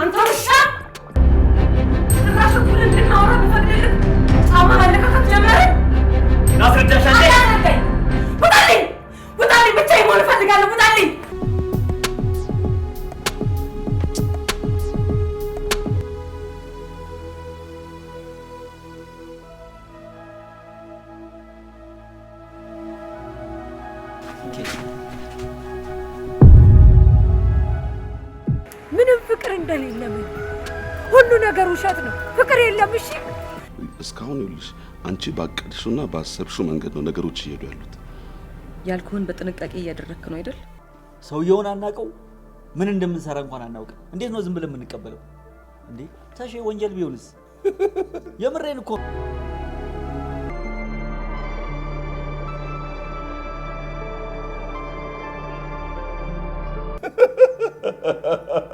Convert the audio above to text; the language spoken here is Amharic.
አንተ ውሻ! ጭራሽ እኩል እንድናወራ ብፈቅድልህ ጫማ መለካከት ጀመረ። ላስረዳሽ። አታስረዳኝ! ውጣልኝ! ውጣልኝ! ብቻዬን መሆን እፈልጋለሁ። ውጣልኝ! Okay. ምንም ፍቅር እንደሌለ ሁሉ ነገር ውሸት ነው። ፍቅር የለም። እሺ እስካሁን ይኸውልሽ፣ አንቺ ባቀድሽውና ባሰብሽው መንገድ ነው ነገሮች እየሄዱ ያሉት። ያልኩህን በጥንቃቄ እያደረግክ ነው አይደል? ሰውየውን አናውቀው፣ ምን እንደምንሰራ እንኳን አናውቅ። እንዴት ነው ዝም ብለን የምንቀበለው እንዴ? ተሼ ወንጀል ቢሆንስ? የምሬን እኮ